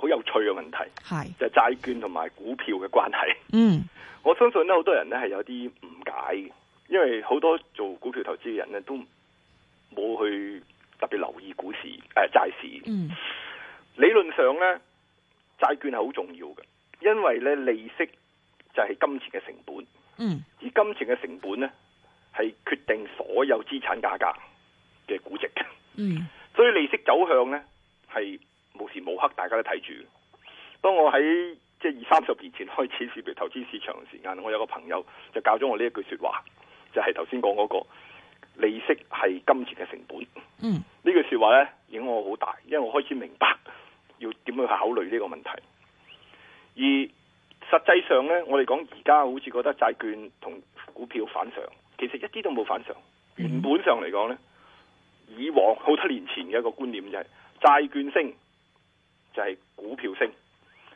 好有趣嘅問題，就係債券同埋股票嘅關係。嗯，我相信咧，好多人咧係有啲誤解嘅，因為好多做股票投資嘅人咧都冇去特別留意股市、誒債市。嗯，理論上咧，債券係好重要嘅，因為咧利息就係金錢嘅成本。嗯，而金錢嘅成本咧係決定所有資產價格嘅估值的。嗯，所以利息走向咧係。是無時無刻大家都睇住。當我喺即係二三十年前開始涉入投資市場嘅時間，我有個朋友就教咗我呢一句說話，就係頭先講嗰個利息係金錢嘅成本。嗯，呢句說話呢，影我好大，因為我開始明白要點樣去考慮呢個問題。而實際上呢，我哋講而家好似覺得債券同股票反常，其實一啲都冇反常。原本上嚟講呢，以往好多年前嘅一個觀念就係債券升。就係、是、股票升，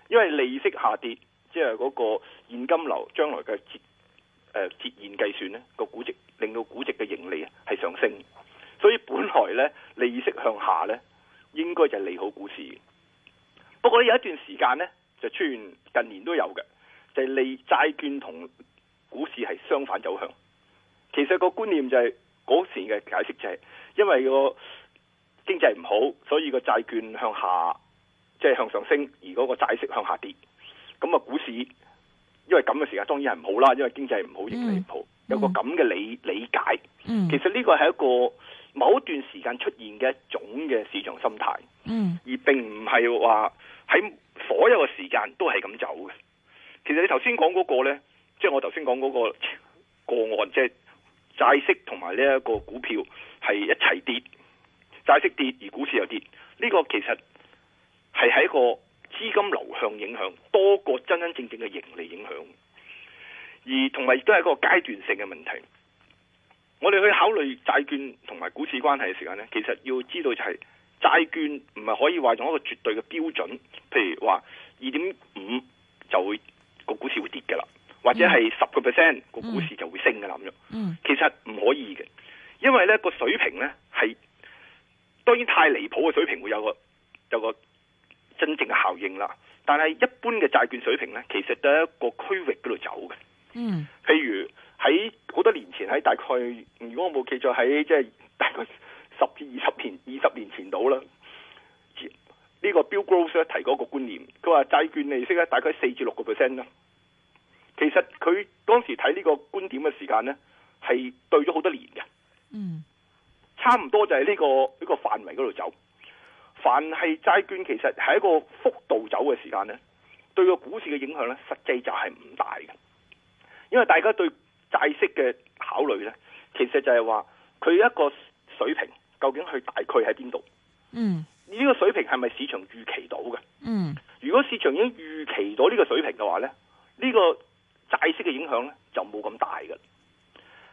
因為利息下跌，即係嗰個現金流將來嘅折誒折現計算咧，個估值令到估值嘅盈利係上升，所以本來呢，利息向下呢應該就係利好股市。不過有一段時間呢，就出現近年都有嘅，就係、是、利債券同股市係相反走向。其實個觀念就係嗰時嘅解釋就係、是、因為個經濟唔好，所以個債券向下。即、就、係、是、向上升，而嗰個債息向下跌，咁啊股市，因為咁嘅時間當然係唔好啦，因為經濟唔好利唔、嗯、好。有個咁嘅理理解，嗯、其實呢個係一個某段時間出現嘅一種嘅市場心態、嗯，而並唔係話喺所有嘅時間都係咁走嘅。其實你頭先講嗰個呢，即、就、係、是、我頭先講嗰個個案，即係債息同埋呢一個股票係一齊跌，債息跌而股市又跌，呢、這個其實。係喺一個資金流向影響多過真真正正嘅盈利影響，而同埋亦都係一個階段性嘅問題。我哋去考慮債券同埋股市關係嘅時間呢，其實要知道就係、是、債券唔係可以話用一個絕對嘅標準，譬如話二點五就會個股市會跌㗎喇，或者係十個 percent 個股市就會升㗎喇咁樣。其實唔可以嘅，因為呢個水平呢，係當然太離譜嘅水平會有個有個。真正嘅效應啦，但係一般嘅債券水平咧，其實都係一個區域嗰度走嘅。嗯，譬如喺好多年前，喺大概如果我冇記錯，喺即係大概十至二十年二十年前度啦，呢、這個 Bill Gross 提過一個觀念，佢話債券利息咧大概四至六個 percent 啦。其實佢當時睇呢個觀點嘅時間咧，係對咗好多年嘅。嗯，差唔多就係呢、這個呢、這個範圍嗰度走。凡係債券，其實係一個幅度走嘅時間呢對個股市嘅影響咧，實際就係唔大嘅，因為大家對債息嘅考慮呢，其實就係話佢一個水平究竟去大概喺邊度？嗯，呢個水平係咪市場預期到嘅？嗯，如果市場已經預期到呢個水平嘅話咧，呢個債息嘅影響呢就冇咁大㗎。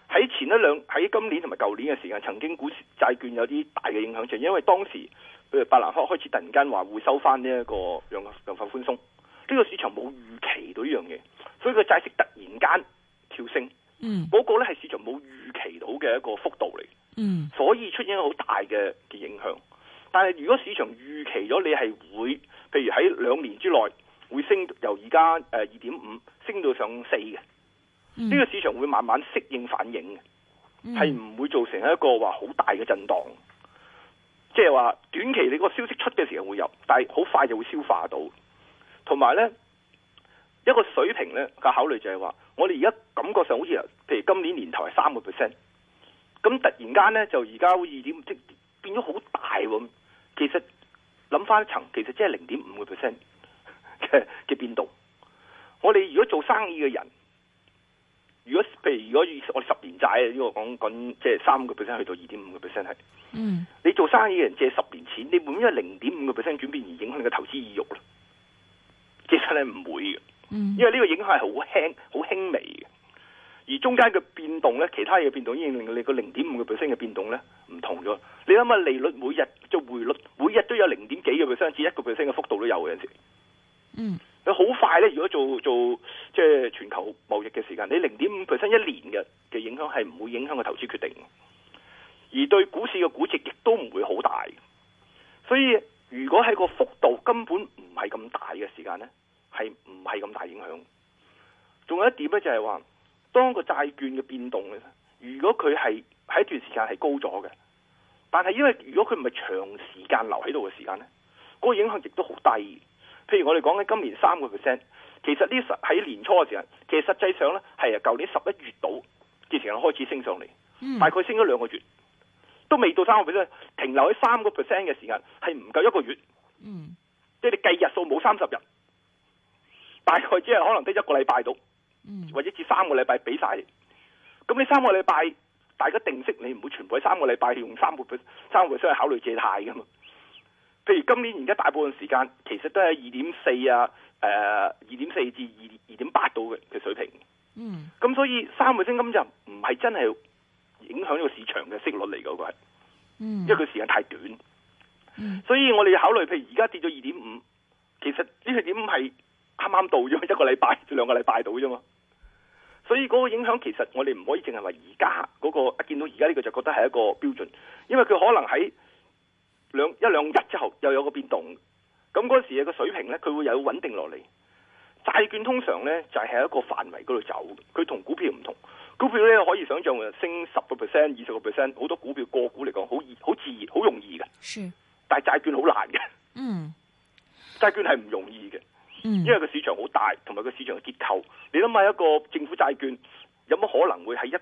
喺前一兩喺今年同埋舊年嘅時間，曾經股市債券有啲大嘅影響，就因為當時。譬如白蘭克開始突然間話會收翻呢一個量化寬鬆，呢、這個市場冇預期到呢樣嘢，所以個債息突然間跳升，嗯，嗰、那個咧係市場冇預期到嘅一個幅度嚟，嗯，所以出現好大嘅嘅影響。但係如果市場預期咗你係會，譬如喺兩年之內會升由而家誒二點五升到上四嘅，呢、這個市場會慢慢適應反應嘅，係唔會造成一個話好大嘅震盪。即係話短期你嗰個消息出嘅時候會有，但係好快就會消化到。同埋咧，一個水平咧嘅考慮就係話，我哋而家感覺上好似，譬如今年年頭係三個 percent，咁突然間咧就而家二點五即變咗好大喎。其實諗翻一層，其實即係零點五個 percent 嘅嘅變動。我哋如果做生意嘅人，如果譬如如果我哋十年債啊，呢個講緊即係三個 percent 去到二點五個 percent 係。嗯，你做生意嘅人借十年錢，你會唔會因為零點五個 percent 轉變而影響你嘅投資意欲咧？其實咧唔會嘅，因為呢個影響係好輕、好輕微嘅。而中間嘅變動咧，其他嘢變動已經令你個零點五個 percent 嘅變動咧唔同咗。你諗下利率每日即係匯率每日都有零點幾個 percent 至一個 percent 嘅幅度都有嘅陣時。嗯，佢好快咧。如果做做即係、就是、全球貿易嘅時間，你零點五 percent 一年嘅嘅影響係唔會影響個投資決定的。而對股市嘅估值亦都唔會好大，所以如果喺個幅度根本唔係咁大嘅時間呢，係唔係咁大影響？仲有一點呢，就係話當個債券嘅變動咧，如果佢係喺一段時間係高咗嘅，但係因為如果佢唔係長時間留喺度嘅時間呢，個影響亦都好低。譬如我哋講咧，今年三個 percent，其實呢喺年初嘅時間，其實實際上呢係啊，舊年十一月到之前開始升上嚟，大概升咗兩個月。都未到三個 percent，停留喺三個 percent 嘅時間係唔夠一個月，嗯、即係你計日數冇三十日，大概只係可能得一個禮拜到，或者至三個禮拜俾晒。咁你三個禮拜大家定息，你唔會全部喺三個禮拜用三個 percent，三個 percent 去考慮借貸噶嘛？譬如今年而家大部分時間其實都係二點四啊，誒二點四至二二點八度嘅嘅水平。咁、嗯、所以三個星金就唔係真係。影響呢個市場嘅息率嚟噶，佢係，因為佢時間太短，所以我哋考慮，譬如而家跌咗二點五，其實呢四點五係啱啱到咗一個禮拜、至兩個禮拜到啫嘛，所以嗰個影響其實我哋唔可以淨係話而家嗰個一見到而家呢個就覺得係一個標準，因為佢可能喺兩一兩日之後又有一個變動，咁嗰時嘅水平咧，佢會有穩定落嚟。債券通常咧就係、是、喺一個範圍嗰度走，佢同股票唔同。股票咧可以想象，升十個 percent、二十個 percent，好多股票個股嚟講好易、好自然、好容易嘅。係，但係債券好難嘅。嗯，債券係唔容易嘅。嗯，因為個市場好大，同埋個市場嘅結構。你諗下一個政府債券有乜可能會喺一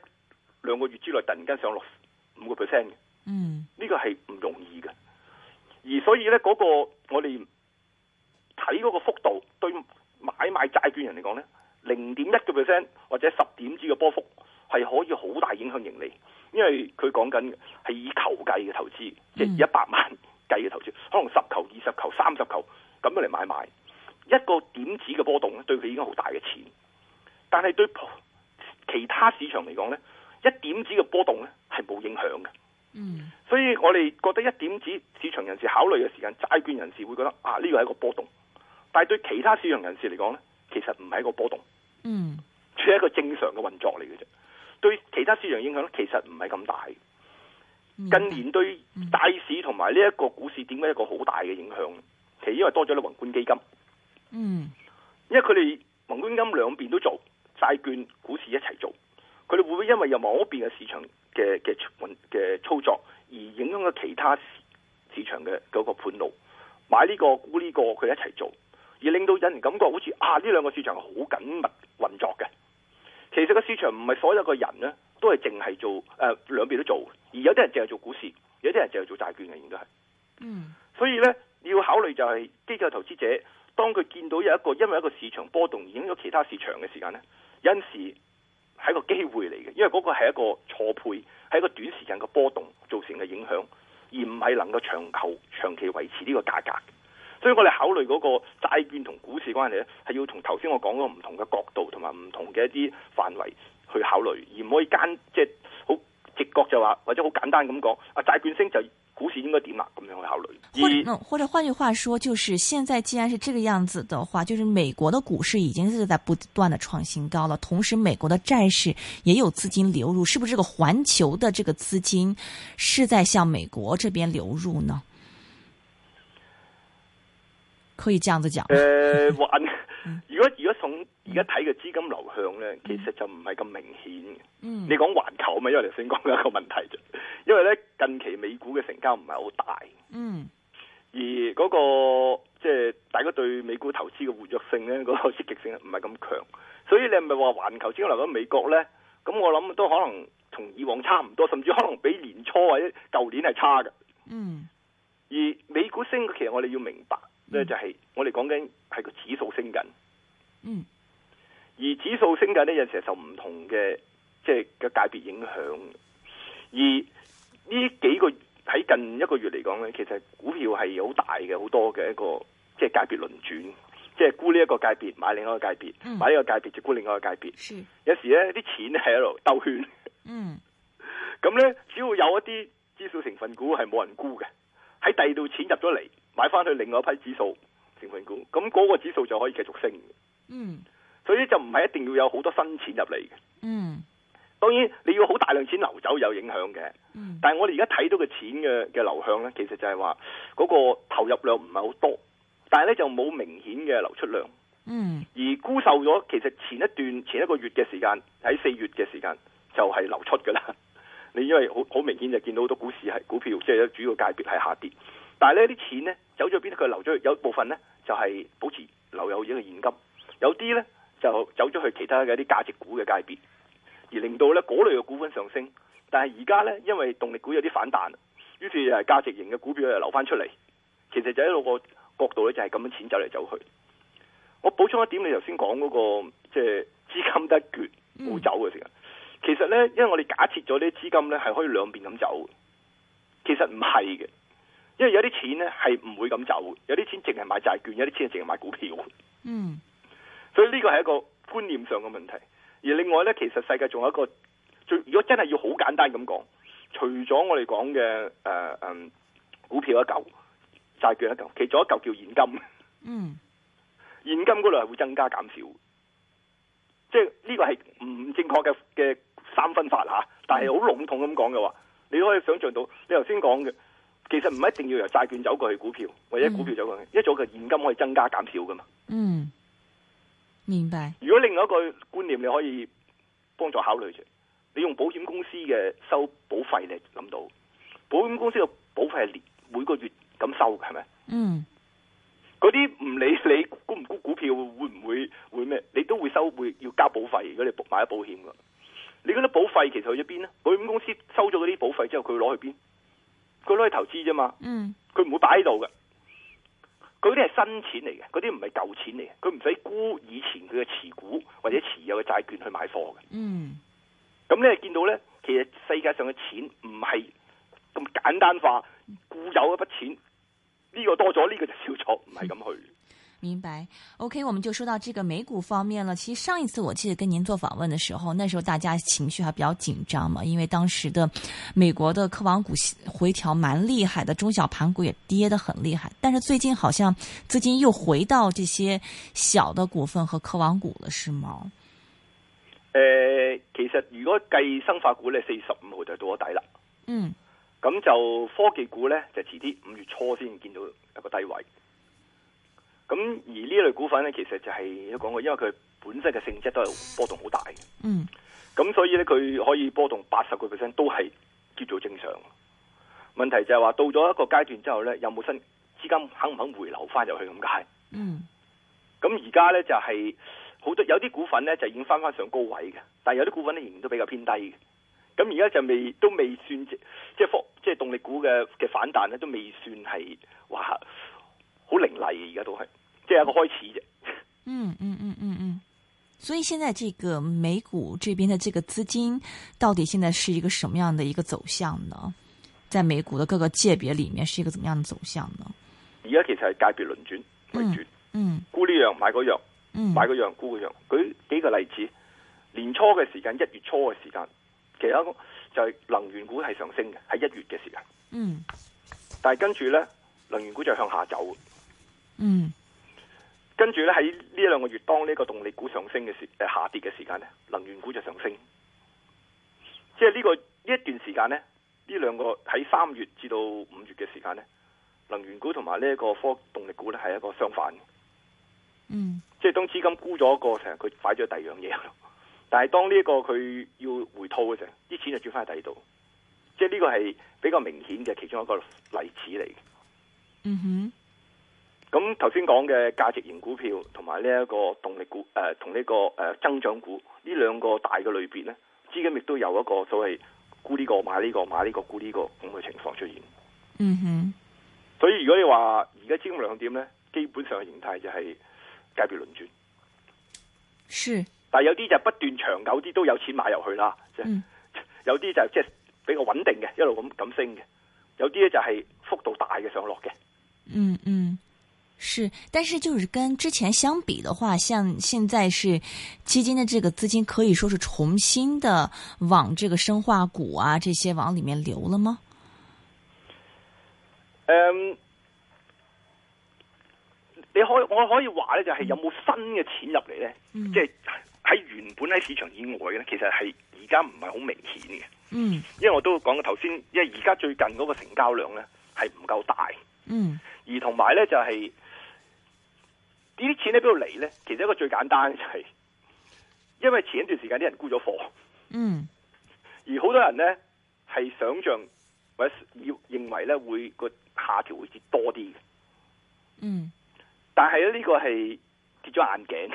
兩個月之內突然間上落五個 percent 嘅？嗯，呢個係唔容易嘅。而所以咧，嗰個我哋睇嗰個幅度，對買賣債券人嚟講咧。零點一個 percent 或者十點子嘅波幅係可以好大影響盈利，因為佢講緊係以球計嘅投資，即係一百萬計嘅投資，可能十球、二十球、三十球咁樣嚟買賣，一個點子嘅波動咧對佢已經好大嘅錢。但係對其他市場嚟講咧，一點子嘅波動咧係冇影響嘅。嗯，所以我哋覺得一點子市場人士考慮嘅時間，債券人士會覺得啊，呢個係一個波動，但係對其他市場人士嚟講咧。其實唔係一個波動，嗯，只係一個正常嘅運作嚟嘅啫。對其他市場影響咧，其實唔係咁大。近年對債市同埋呢一個股市點解一個好大嘅影響咧？其實因為多咗啲宏觀基金，嗯，因為佢哋宏觀基金兩邊都做債券、股市一齊做，佢哋會唔會因為有某一邊嘅市場嘅嘅嘅操作而影響咗其他市市場嘅嗰個盤路？買呢個沽呢個，佢、這個這個、一齊做。而令到引人感覺好似啊，呢兩個市場好緊密運作嘅。其實個市場唔係所有個人呢都係淨係做誒兩邊都做，而有啲人淨係做股市，有啲人淨係做債券嘅，應該係。嗯，所以呢要考慮就係機構投資者，當佢見到有一個因為一個市場波動影響咗其他市場嘅時間呢，有陣時係一個機會嚟嘅，因為嗰個係一個錯配，係一個短時間嘅波動造成嘅影響，而唔係能夠長久長期維持呢個價格。所以我哋考慮嗰、那個。債券同股市關係咧，係要從頭先我講嘅唔同嘅角度同埋唔同嘅一啲範圍去考慮，而唔可以間即係好直覺就話或者好簡單咁講，啊債券升就股市應該點啦咁樣去考慮。或者換句話說，就是現在既然是這個樣子的話，就是美國的股市已經是在不斷的創新高了，同時美國的債市也有資金流入，是不是這個環球的這個資金是在向美國這邊流入呢？可以這樣子講。誒、呃，環如果如果從而家睇嘅資金流向咧、嗯，其實就唔係咁明顯。嗯，你講環球嘛，因為我先講嘅一個問題啫。因為咧近期美股嘅成交唔係好大。嗯。而嗰、那個即係、就是、大家對美股投資嘅活躍性咧，嗰、那個積極性唔係咁強，所以你係咪話環球資金流向美國咧？咁我諗都可能同以往差唔多，甚至可能比年初或者舊年係差嘅。嗯。而美股升，其實我哋要明白。咧、嗯、就係、是、我哋講緊係個指數升緊，嗯，而指數升緊咧，有時係受唔同嘅即係嘅界別影響。而呢幾個月喺近一個月嚟講咧，其實股票係好大嘅，好多嘅一個即係、就是、界別輪轉，即係沽呢一個界別，買另一個界別、嗯，買呢個界別就沽另外一個界別。有時咧啲錢係喺度兜圈，嗯，咁 咧只要有一啲指數成分股係冇人沽嘅，喺第二度錢入咗嚟。買翻去另外一批指數成分股，咁嗰個指數就可以繼續升。嗯，所以就唔係一定要有好多新錢入嚟嘅。嗯，當然你要好大量錢流走有影響嘅。嗯，但係我哋而家睇到嘅錢嘅嘅流向咧，其實就係話嗰個投入量唔係好多，但係咧就冇明顯嘅流出量。嗯，而沽售咗，其實前一段前一個月嘅時間喺四月嘅時間就係流出㗎啦。 你因為好好明顯就見到好多股市係股票，即係主要嘅界別係下跌。但係呢啲錢咧走咗邊？佢留咗去，有部分咧就係、是、保持留有嘅現金，有啲咧就走咗去其他嘅一啲價值股嘅界別，而令到咧嗰類嘅股份上升。但係而家咧，因為動力股有啲反彈，於是就係價值型嘅股票又留翻出嚟。其實就喺嗰個角度咧，就係、是、咁樣錢走嚟走去。我補充一點，你頭先講嗰個即係、就是、資金一決冇走嘅時候，其實咧，因為我哋假設咗啲資金咧係可以兩邊咁走，其實唔係嘅。因為有啲錢咧係唔會咁走，有啲錢淨係買債券，有啲錢淨係買股票。嗯，所以呢個係一個觀念上嘅問題。而另外咧，其實世界仲有一個最，如果真係要好簡單咁講，除咗我哋講嘅誒誒股票一嚿、債券一嚿，其中一嚿叫現金。嗯，現金嗰度係會增加減少，即係呢個係唔正確嘅嘅三分法吓，但係好籠統咁講嘅話，你都可以想象到你頭先講嘅。其實唔一定要由債券走過去股票，或者股票走過去，嗯、一早嘅現金可以增加減少噶嘛。嗯，明白。如果另外一個觀念，你可以幫助考慮住，你用保險公司嘅收保費嚟諗到，保險公司嘅保費係每個月咁收嘅，係咪？嗯。嗰啲唔理你估唔估股票會唔會會咩，你都會收會要交保費，如果你買咗保險嘅，你覺得保費其實去咗邊呢？保險公司收咗嗰啲保費之後，佢會攞去邊？佢攞去投資啫嘛，佢唔會擺喺度嘅。佢啲係新錢嚟嘅，嗰啲唔係舊錢嚟嘅。佢唔使沽以前佢嘅持股或者持有嘅債券去買貨嘅。嗯，咁你見到咧，其實世界上嘅錢唔係咁簡單化，固有一筆錢，呢個多咗，呢個就少咗，唔係咁去。明白，OK，我們就說到這個美股方面了。其實上一次我記得跟您做訪問的時候，那時候大家情緒還比較緊張嘛，因為當時的美國的科網股回調蠻厲害的，中小盤股也跌得很厲害。但是最近好像資金又回到這些小的股份和科網股了，是嗎？呃，其實如果計生化股呢，四十五號就到咗底啦。嗯，咁就科技股呢，就遲啲，五月初先見到一個低位。咁而呢一類股份咧，其實就係都講過，因為佢本身嘅性質都係波動好大嘅。嗯，咁所以咧，佢可以波動八十個 percent 都係叫做正常。問題就係話到咗一個階段之後咧，有冇新資金肯唔肯回流翻入去咁解？嗯，咁而家咧就係、是、好多有啲股份咧就已經翻翻上高位嘅，但係有啲股份咧仍然都比較偏低嘅。咁而家就未都未算即係即即係動力股嘅嘅反彈咧，都未算係哇好凌厲而家都係即、就、係、是、一個開始啫。嗯嗯嗯嗯嗯，所以現在這個美股這邊的這個資金到底現在是一個什麼樣的一個走向呢？在美股的各個界別裏面是一個怎麼樣的走向呢？而家其實係界別輪轉，輪轉、嗯，嗯，沽呢樣買個樣，買個樣、嗯、買樣沽個樣。舉幾個例子，年初嘅時間，一月初嘅時間，其實個就係能源股係上升嘅，喺一月嘅時間，嗯，但係跟住呢，能源股就向下走，嗯。跟住咧喺呢在這兩個月，當呢個動力股上升嘅時，誒、呃、下跌嘅時間咧，能源股就上升。即係呢、這個呢一段時間咧，呢兩個喺三月至到五月嘅時間咧，能源股同埋呢一個科動力股咧係一個相反。嗯。即係當資金沽咗一個成，日佢擺咗第二樣嘢。但係當呢一個佢要回吐嘅時候，啲錢就轉翻去第二度。即係呢個係比較明顯嘅其中一個例子嚟。嗯哼。咁頭先講嘅價值型股票同埋呢一個動力股，誒、呃，同呢、這個誒、呃、增長股呢兩個大嘅類別咧，資金亦都有一個所謂沽呢、這個買呢、這個買呢、這個沽呢、這個咁嘅情況出現。嗯哼，所以如果你話而家資金量點咧，基本上嘅形態就係界別輪轉。是，但係有啲就不斷長久啲都有錢買入去啦，即、嗯、係有啲就即係比較穩定嘅，一路咁咁升嘅，有啲咧就係幅度大嘅上落嘅。嗯嗯。是，但是就是跟之前相比的話，像現在是基金的這個資金可以說是重新的往這個生化股啊這些往裏面流了嗎？誒、嗯，你可我可以話咧、嗯，就係有冇新嘅錢入嚟咧？即係喺原本喺市場以外嘅咧，其實係而家唔係好明顯嘅。嗯，因為我都講過頭先，因為而家最近嗰個成交量咧係唔夠大。嗯，而同埋咧就係、是。這錢呢啲錢喺邊度嚟咧？其實一個最簡單就係、是，因為前一段時間啲人沽咗貨，嗯，而好多人咧係想象或者要認為咧會個下調會跌多啲，嗯，但係咧呢個係跌咗眼鏡，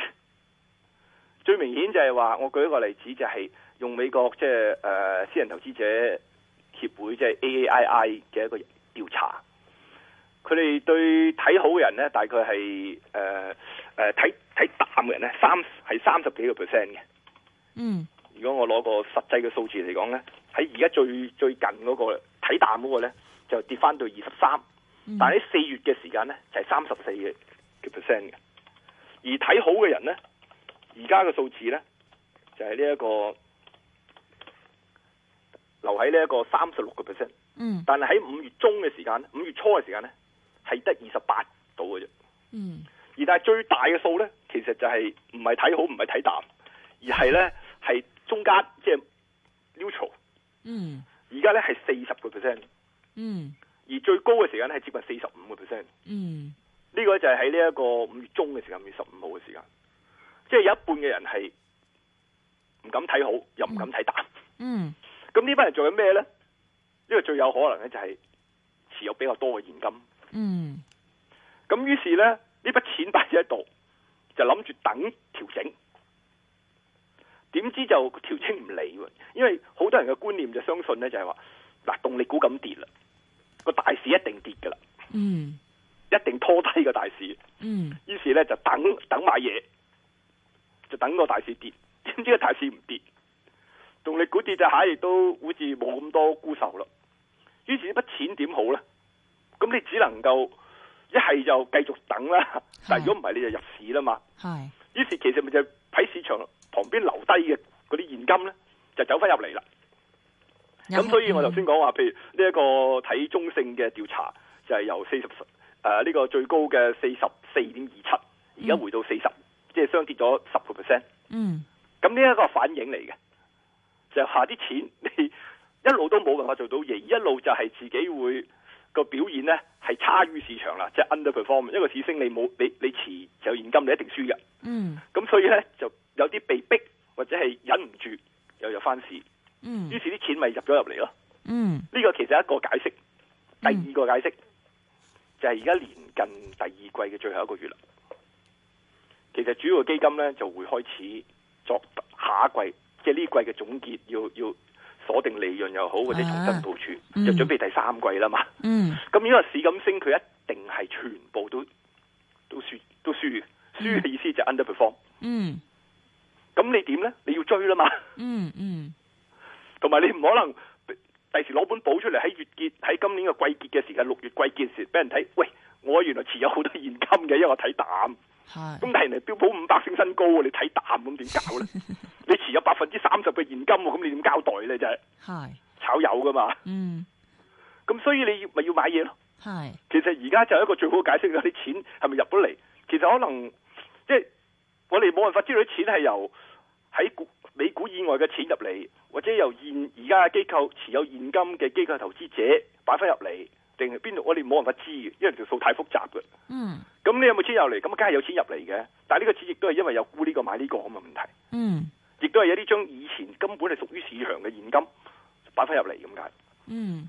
最明顯就係話，我舉一個例子就係、是、用美國即係誒私人投資者協會即係 AAII 嘅一個調查。佢哋對睇好嘅人咧，大概係誒誒睇睇淡嘅人咧，三係三十幾個 percent 嘅。嗯，如果我攞個實際嘅數字嚟講咧，喺而家最最近嗰個睇淡嗰個咧，就跌翻到二十三。但係喺四月嘅時間咧，就係三十四嘅 percent 嘅。而睇好嘅人咧，而家嘅數字咧，就係呢一個留喺呢一個三十六個 percent。嗯。但係喺五月中嘅時間，五月初嘅時間咧，係得二十八度嘅啫，嗯，而但係最大嘅數咧，其實就係唔係睇好，唔係睇淡，而係咧係中間即係 neutral，嗯，而家咧係四十個 percent，嗯，而最高嘅時間咧係接近四十五個 percent，嗯，呢個咧就係喺呢一個五月中嘅時間，五月十五號嘅時間，即係有一半嘅人係唔敢睇好，又唔敢睇淡，嗯，咁、嗯、呢班人做緊咩咧？呢個最有可能咧就係持有比較多嘅現金。嗯，咁於是咧呢筆錢擺喺度，就諗住等調整，點知就調整唔嚟喎，因為好多人嘅觀念就相信咧，就係話嗱，動力股咁跌啦，個大市一定跌噶啦，嗯，一定拖低個大市，嗯，於是咧就等等買嘢，就等個大市跌，點知個大市唔跌，動力股跌就下亦都好似冇咁多沽售咯，於是呢筆錢點好咧？咁你只能夠一係就繼續等啦，但係如果唔係你就入市啦嘛。係。於是其實咪就喺市場旁邊留低嘅嗰啲現金咧，就走翻入嚟啦。咁所以我頭先講話，譬如呢一個睇中性嘅調查，就係、是、由四十誒呢個最高嘅四十四點二七，而家回到四十、嗯，即、就、係、是、相跌咗十個 percent。嗯，咁呢一個反應嚟嘅就是、下啲錢你一路都冇辦法做到嘢，一路就係自己會。個表現咧係差於市場啦，即係 underperform。因為市升你冇你你持就現金你一定輸嘅。嗯，咁所以咧就有啲被逼或者係忍唔住又入翻市。嗯，於是啲錢咪入咗入嚟咯。嗯，呢個其實是一個解釋。第二個解釋、嗯、就係而家年近第二季嘅最後一個月啦。其實主要嘅基金咧就會開始作下一季，即係呢季嘅總結要，要要。鎖定利潤又好，或者重新部署，啊嗯，就準備第三季啦嘛。咁、嗯、因為市咁升，佢一定係全部都都輸都輸嘅，輸、嗯、嘅意思就 underperform。嗯，咁你點咧？你要追啦嘛。嗯嗯，同埋你唔可能第時攞本簿出嚟喺月結喺今年嘅季結嘅時間六月季結時俾人睇，喂，我原來持有好多現金嘅，因為我睇淡。係，咁突然嚟，標普五百升新高，你睇淡咁點搞咧？呢 你持有百分之三十嘅現金，咁你點交代咧？啫，係炒友噶嘛？嗯，咁所以你咪要買嘢咯。係，其實而家就係一個最好的解釋，有啲錢係咪入咗嚟？其實可能即係、就是、我哋冇辦法知道啲錢係由喺美股以外嘅錢入嚟，或者由現而家嘅機構持有現金嘅機構的投資者擺翻入嚟。定係邊度我哋冇辦法知嘅，因為條數太複雜嘅。嗯，咁你有冇錢入嚟？咁啊，梗係有錢入嚟嘅。但係呢個錢亦都係因為有沽呢個買呢個咁嘅問題。嗯，亦都係有啲將以前根本係屬於市場嘅現金擺翻入嚟咁解。嗯。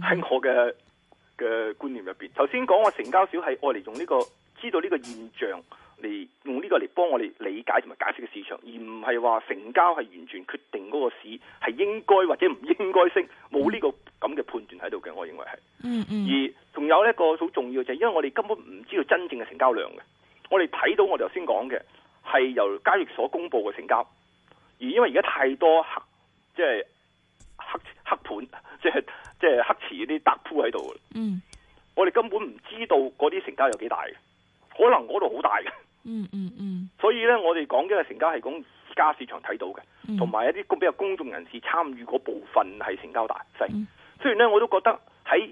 喺我嘅嘅觀念入邊，頭先講我成交少係愛嚟用呢個知道呢個現象嚟用呢個嚟幫我哋理解同埋解釋嘅市場，而唔係話成交係完全決定嗰個市係應該或者唔應該升，冇呢個咁嘅判斷喺度嘅。我認為係，而仲有一個好重要嘅就係、是，因為我哋根本唔知道真正嘅成交量嘅，我哋睇到我哋頭先講嘅係由交易所公布嘅成交，而因為而家太多客即係。就是黑黑盤，即係即係黑池啲 dark pool 喺度。嗯，我哋根本唔知道嗰啲成交有幾大，可能嗰度好大嘅。嗯嗯嗯。所以咧，我哋講嘅成交係講而家市場睇到嘅，同、嗯、埋一啲比較公眾人士參與嗰部分係成交大。嗯、雖然咧，我都覺得喺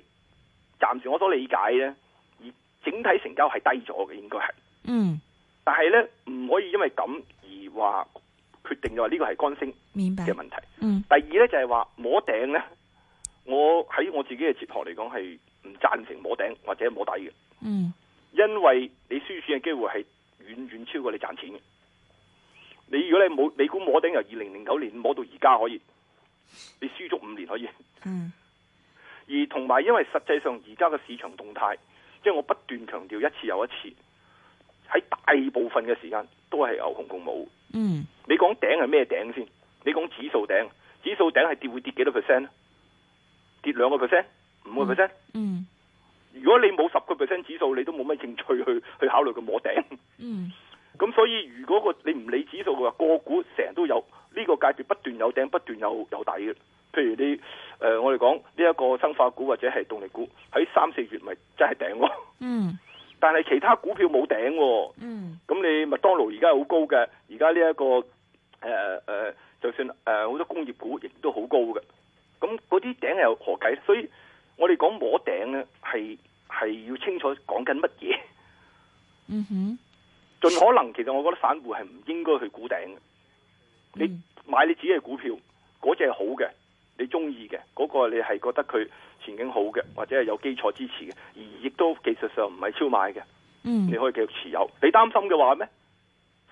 暫時我所理解咧，而整體成交係低咗嘅，應該係。嗯。但係咧，唔可以因為咁而話。決定就話呢個係乾升嘅問題。嗯，第二呢，就係話摸頂呢，我喺我自己嘅哲學嚟講係唔贊成摸頂或者摸底嘅。嗯，因為你輸錢嘅機會係遠遠超過你賺錢嘅。你如果你冇你估摸頂由二零零九年摸到而家可以，你輸足五年可以。嗯，而同埋因為實際上而家嘅市場動態，即係我不斷強調一次又一次。喺大部分嘅時間都係牛熊共舞。嗯，你講頂係咩頂先？你講指數頂，指數頂係跌會跌幾多 percent？跌兩個 percent，五個 percent。嗯，如果你冇十個 percent 指數，你都冇乜興趣去去考慮佢摸頂。嗯，咁所以如果個你唔理指數嘅話，個股成日都有呢、這個階段不斷有頂，不斷有有底嘅。譬如你、呃、我哋講呢一個生化股或者係動力股，喺三四月咪真係頂喎。嗯。但係其他股票冇頂喎，哦，咁你麥當勞而家好高嘅，而家呢一個誒誒，呃呃，就算誒好、呃、多工業股亦都好高嘅，咁嗰啲頂又何解？所以我哋講摸頂咧，係係要清楚講緊乜嘢。嗯哼，盡可能其實我覺得散戶係唔應該去估頂嘅。你買你自己嘅股票，嗰隻係好嘅，你中意嘅，嗰、那個你係覺得佢前景好，即係有基礎支持嘅，而亦都技術上唔係超買嘅，嗯，你可以繼續持有。你擔心嘅話咩？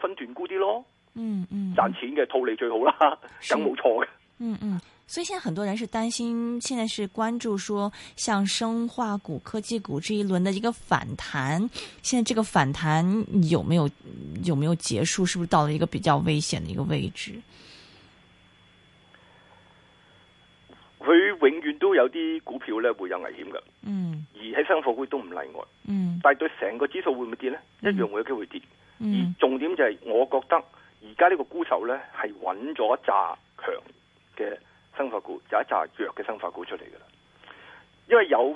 分段沽啲咯，嗯嗯，賺錢嘅套利最好啦，梗冇錯嘅。嗯嗯，所以現在很多人是擔心，現在是關注說，說像生化股、科技股這一輪嘅一個反彈，現在這個反彈有沒有，有沒有結束？是不是到了一個比較危險嘅一個位置？有啲股票咧會有危險嘅、嗯，而喺新貨股都唔例外。嗯、但係對成個指數會唔會跌咧、嗯？一樣會有機會跌、嗯。而重點就係，我覺得而家呢個沽手咧係搵咗一紮強嘅新貨股，就是，一紮弱嘅新貨股出嚟嘅啦。因為有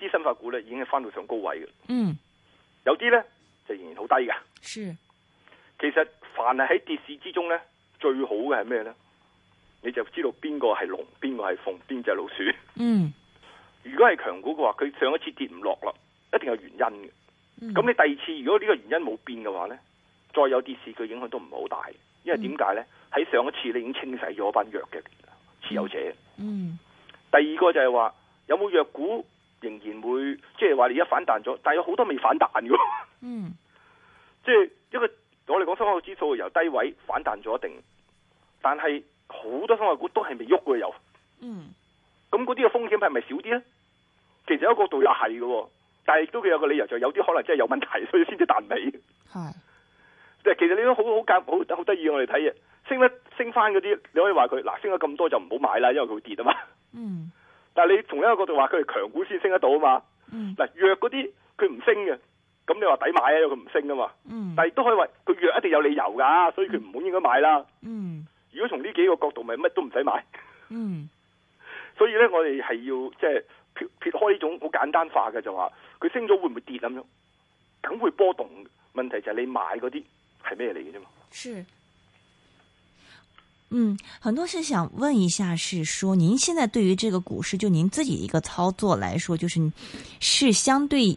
啲新貨股咧已經翻到上高位嘅，嗯，有啲咧就仍然好低嘅。是，其實凡係喺跌市之中咧，最好嘅係咩咧？你就知道邊個係龍，邊個係鳳，邊隻老鼠。嗯。如果係強股嘅話，佢上一次跌唔落啦，一定有原因嘅。咁、嗯、你第二次如果呢個原因冇變嘅話咧，再有跌市，佢影響都唔係好大，因為點解咧？喺、嗯、上一次你已經清洗咗班弱嘅持有者。嗯。第二個就係話，有冇弱股仍然會即係話你而家反彈咗，但係有好多未反彈嘅。嗯。即 係一個我哋講，收開個指數由低位反彈咗一定，但係。好多生物股都係未喐嘅，又，嗯，咁嗰啲嘅風險係咪少啲咧？其實有一個角度又係嘅，但係亦都佢有個理由，就係、有啲可能真係有問題，所以先至殿尾。係，即係其實你都好好好得意，我哋睇嘅升得升翻嗰啲，你可以話佢嗱升咗咁多就唔好買啦，因為佢會跌啊嘛。嗯，但係你從一個角度話，佢係強股先升得到啊嘛。嗱、嗯、弱嗰啲佢唔升嘅，咁你話抵買啊？因為佢唔升啊嘛。嗯、但係都可以話佢弱一定有理由㗎，所以佢唔滿應該買啦。嗯。嗯。如果從呢幾個角度，咪乜都唔使買。嗯，所以咧，我哋係要即係撇撇開呢種好簡單化嘅，就話佢升咗會唔會跌咁樣，梗會波動。問題就係你買嗰啲係咩嚟嘅啫嘛。是，嗯，很多事想問一下，是說您現在對於這個股市，就您自己一個操作來說，就是是相對。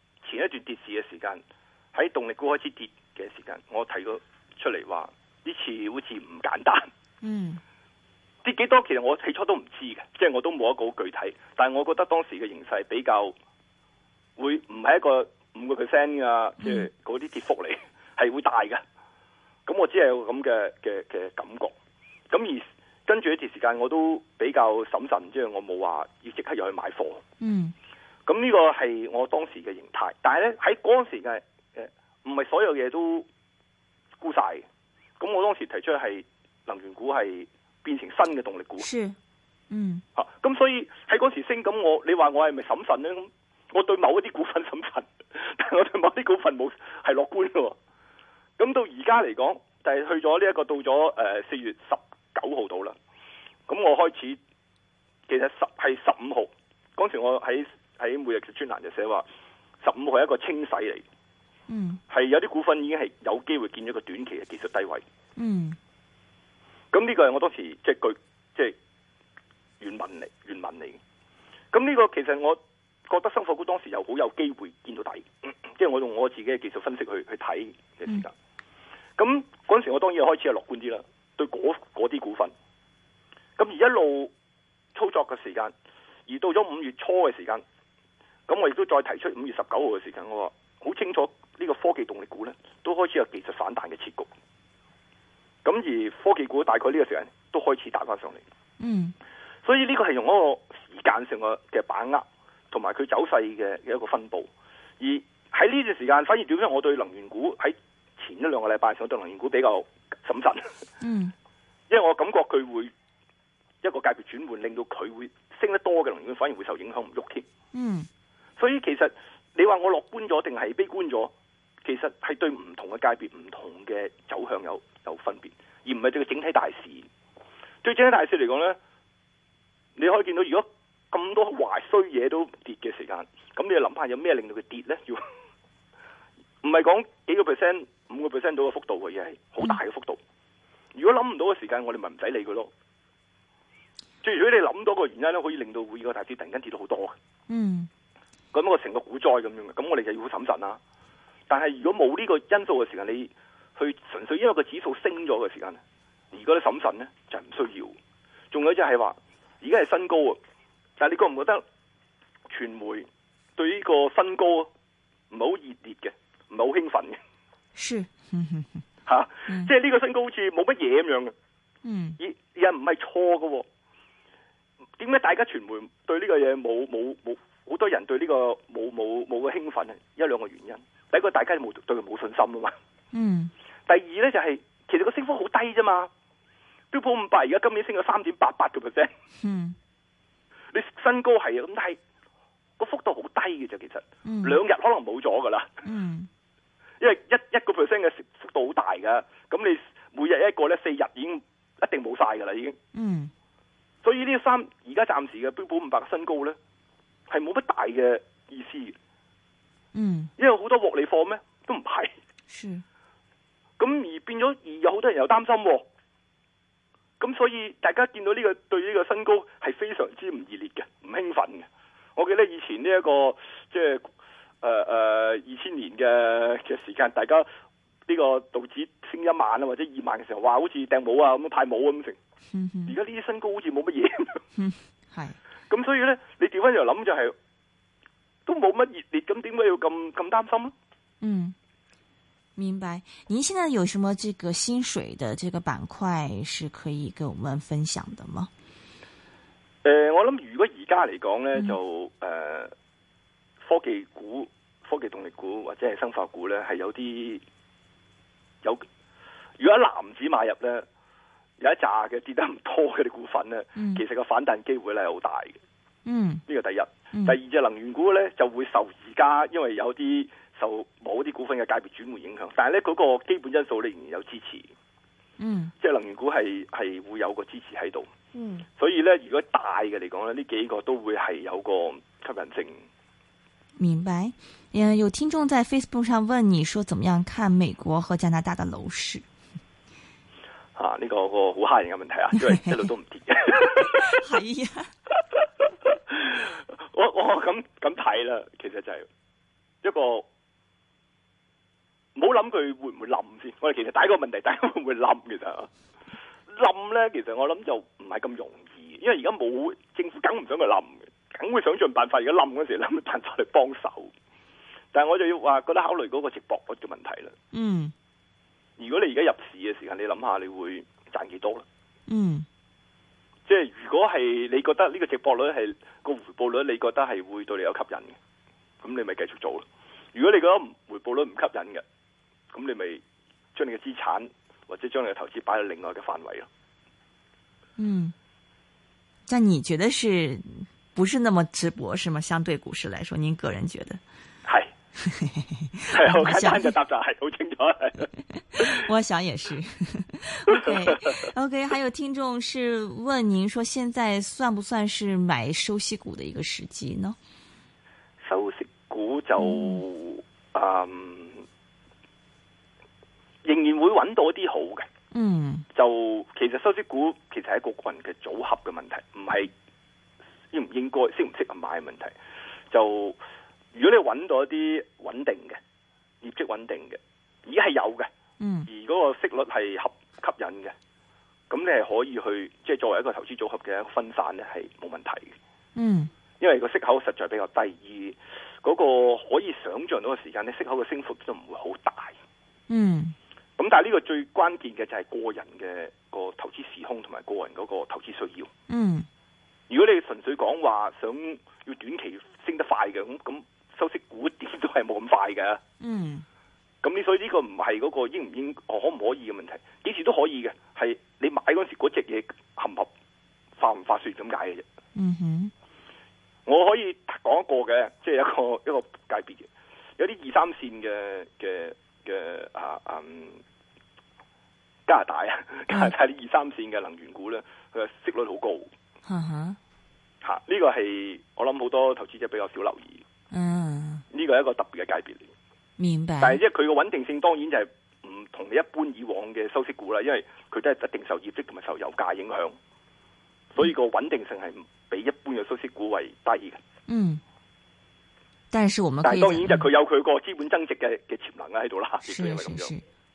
前一段跌市嘅時間，喺動力股開始跌嘅時間，我睇過出嚟話呢次好似唔簡單。嗯，跌幾多其實我起初都唔知嘅，即係我都冇一個好具體。但係我覺得當時嘅形勢比較會唔係一個五個 percent 啊，即係嗰啲跌幅嚟係、嗯、會大嘅。咁我只係有咁嘅嘅嘅感覺。咁而跟住一段時間我都比較審慎，即係我冇話要即刻又去買貨。嗯。咁、這、呢個係我當時嘅形態，但係咧喺嗰時嘅，誒唔係所有嘢都沽晒。嘅。咁我當時提出係能源股係變成新嘅動力股。嗯，嚇、啊。咁所以喺嗰時升，咁我你話我係咪審慎咧？咁我對某一啲股份審慎，但係我對某啲股份冇係樂觀嘅喎。咁到而家嚟講，就係去咗呢一個到咗誒四月十九號到啦。咁我開始其實十係十五號嗰陣時，我喺。喺每日嘅專欄就寫話十五號係一個清洗嚟，嗯，係有啲股份已經係有機會見咗個短期嘅技術低位，嗯，咁呢個係我當時即係句即係原文嚟，原文嚟嘅。咁呢個其實我覺得生物科技當時又好有機會見到底，即係、 就是、我用我自己嘅技術分析去去睇嘅時間。咁嗰陣時我當然開始係樂觀啲啦，對嗰啲股份。咁而一路操作嘅時間，而到咗五月初嘅時間。咁我亦都再提出五月十九號嘅時間，我話好清楚呢個科技動力股咧都開始有技術反彈嘅設局。咁而科技股大概呢個時間都開始打翻上嚟。嗯，所以呢個係用一個時間上嘅嘅把握，同埋佢走勢嘅嘅一個分布。而喺呢段時間反而點解我對能源股喺前一兩個禮拜上，對能源股比較審慎。嗯，因為我感覺佢會一個界別轉換，令到佢會升得多嘅能源，反而會受影響唔喐添。嗯。所以其實你話我樂觀咗定係悲觀咗，其實係對唔同嘅界別、唔同嘅走向有有分別，而唔係對個整體大市。對整體大市嚟講咧，你可以見到如果咁多壞衰嘢都跌嘅時間，咁你諗下有咩令到佢跌咧？要唔係講幾個 percent、五個 percent 到嘅幅度嘅嘢係好大嘅幅度。如果諗唔到嘅時間，我哋咪唔使理佢咯。如果你諗到個原因咧，可以令到匯價大市突然間跌到好多。嗯。咁我成個股災咁樣嘅，咁我哋就要審慎啦。但係如果冇呢個因素嘅時間，你去純粹因為個指數升咗嘅時間，而嗰啲審慎咧就唔需要。仲有一就係話，而家係新高啊，但係你覺唔覺得傳媒對呢個新高啊唔係好熱烈嘅，唔係好興奮嘅？是吓、 啊嗯，即係呢個新高好似冇乜嘢咁樣嘅。嗯，而而唔係錯噶。點解大家傳媒對呢個嘢冇冇冇？好多人對呢個冇冇冇個興奮，一兩個原因。第一個大家冇對佢冇信心啦嘛。嗯。第二咧就係，其實個升幅好低啫嘛。標普五百而家今年升咗三點八八個 percent。嗯。你新高係啊，咁但係個幅度好低嘅啫，其實。嗯。兩日可能冇咗噶啦。嗯。因為一一個 percent 嘅幅度好大噶，咁你每日一個咧，四日已經一定冇晒噶啦，已經。嗯。所以呢三而家暫時嘅標普五百嘅新高咧？係冇乜大嘅意思的，嗯，因為好多獲利貨咩都唔係，咁而變咗而有好多人又擔心，咁所以大家見到呢、這個對呢個新高係非常之唔熱烈嘅，唔興奮嘅。我記得以前呢、這、一個即係誒誒二千年嘅嘅時間，大家呢個道指升一萬啊或者二萬嘅時候，哇好似掟帽啊咁派帽咁、啊、成，而家呢啲新高好似冇乜嘢，係、嗯。咁所以咧，你調翻又諗就係、是，都冇乜熱烈，咁點解要咁咁擔心咧？嗯，明白。您現在有什麼這個心水的這個板塊是可以跟我們分享的嗎？誒、呃，我諗如果而家嚟講咧，就誒、呃、科技股、科技動力股或者係生化股咧，係有啲有如果喺藍股買入咧。有一紮嘅跌得唔多嘅啲股份咧、嗯，其實個反彈機會咧係好大嘅。嗯，呢個第一。嗯、第二隻能源股咧就會受而家因為有啲受某啲股份嘅界別轉換影響，但係咧嗰個基本因素仍然有支持。嗯，即係能源股係係會有個支持喺度。嗯，所以咧，如果大嘅嚟講咧，呢幾個都會係有個吸引性。明白。誒，有聽眾在 Facebook 上問你說，怎麼樣看美國和加拿大的樓市？啊！呢個、個好吓人嘅問題啊，因為一路都唔跌。係 啊， 我我咁咁睇啦，其實就係一個，唔好諗佢會唔會冧先。我哋其實第一個問題，大家會唔會冧？其實冧咧，其實我諗就唔係咁容易，因為而家冇政府梗唔想去冧嘅，梗會想盡辦法而家冧嗰時，諗辦法嚟幫手。但係我就要話，覺得考慮嗰個值博率嘅問題啦。嗯。如果你而家入市嘅時間，你諗下你會賺幾多啦？嗯，即係如果係你覺得呢個值博率係個回報率，你覺得係會對你有吸引嘅，咁你咪繼續做啦。如果你覺得回報率唔吸引嘅，咁你咪將你嘅資產或者將你嘅投資擺喺另外嘅範圍咯。嗯，但你覺得是不是那麼值博？是嗎？相對股市來說，您個人覺得？係好簡單嘅答答，係好清楚。我想也是。OK，OK，還有聽眾是問您，說現在算不算是買收息股的一個時機呢？收息股就、嗯嗯、仍然會揾到一啲好嘅。嗯，就其實收息股其實係一個個人嘅組合嘅問題，唔係應唔應該，適唔適合買嘅問題就。如果你揾到一啲穩定嘅業績，穩定嘅已係有嘅，嗯，而嗰個息率係吸吸引嘅，咁你係可以去即係作為一個投資組合嘅分散咧係冇問題嘅，嗯，因為個息口實在比較低，而嗰個可以想像到嘅時間咧息口嘅升幅都唔會好大，嗯，咁但係呢個最關鍵嘅就係個人嘅個投資時空同埋個人嗰個投資需要，嗯，如果你純粹講話想要短期升得快嘅咁咁。咁收息股點都係冇咁快嘅，嗯，咁你所以呢個唔係嗰個應唔應可唔可以嘅問題，幾時都可以嘅，係你買嗰時嗰隻嘢，合唔合，發唔發算點解嘅啫，嗯哼，我可以講一個嘅，即係一個一個界別嘅，有啲二三線嘅嘅嘅啊嗯，加拿大啊，加拿大啲二三線嘅能源股咧，佢嘅息率好高，吓、嗯，呢個係我諗好多投資者比較少留意。呢個係一個特別嘅界別明白。但係即係佢嘅穩定性，當然就係唔同你一般以往嘅收息股啦，因為佢都係一定受業績同埋受油價影響，嗯，所以個穩定性係比一般嘅收息股為低嘅。嗯，但是我但是當然就佢有佢個資本增值嘅嘅潛能啦喺度啦，是是是，是。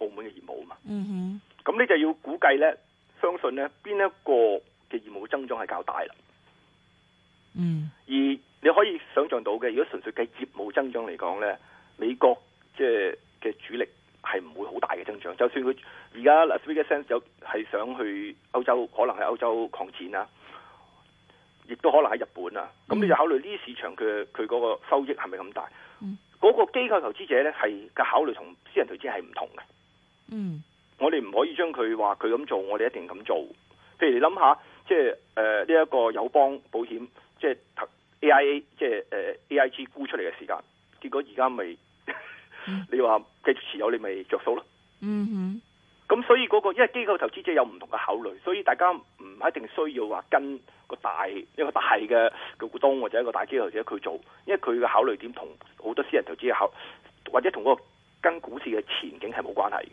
澳門嘅業務啊嘛，咁、嗯、呢就要估計咧，相信咧邊一個嘅業務增長係較大啦。嗯，而你可以想象到嘅，如果純粹計業務增長嚟講咧,美國即係嘅主力係唔會好大嘅增長。就算佢而家 Las Vegas Sands 有係想去歐洲，可能喺歐洲擴展啊，亦都可能喺日本啊。咁、嗯、你就考慮呢啲市場嘅佢嗰個收益係咪咁大？嗯，嗰、那個機構投資者咧係嘅考慮同私人投資者係唔同嘅。嗯，我哋唔可以將佢話佢咁做，我哋一定咁做。譬如你諗下，即係誒呢一個友邦保險，即係 AIA，即係誒、呃、AIG 沽出嚟嘅時間，結果而家咪你話繼續持有，你咪着數咯。嗯哼。咁所以嗰、嗰個因為機構投資者有唔同嘅考慮，所以大家唔一定需要話跟個大一個大嘅嘅股東或者一個大機構投資者佢做，因為佢嘅考慮點同好多私人投資嘅考慮或者同嗰個跟股市嘅前景係冇關係嘅。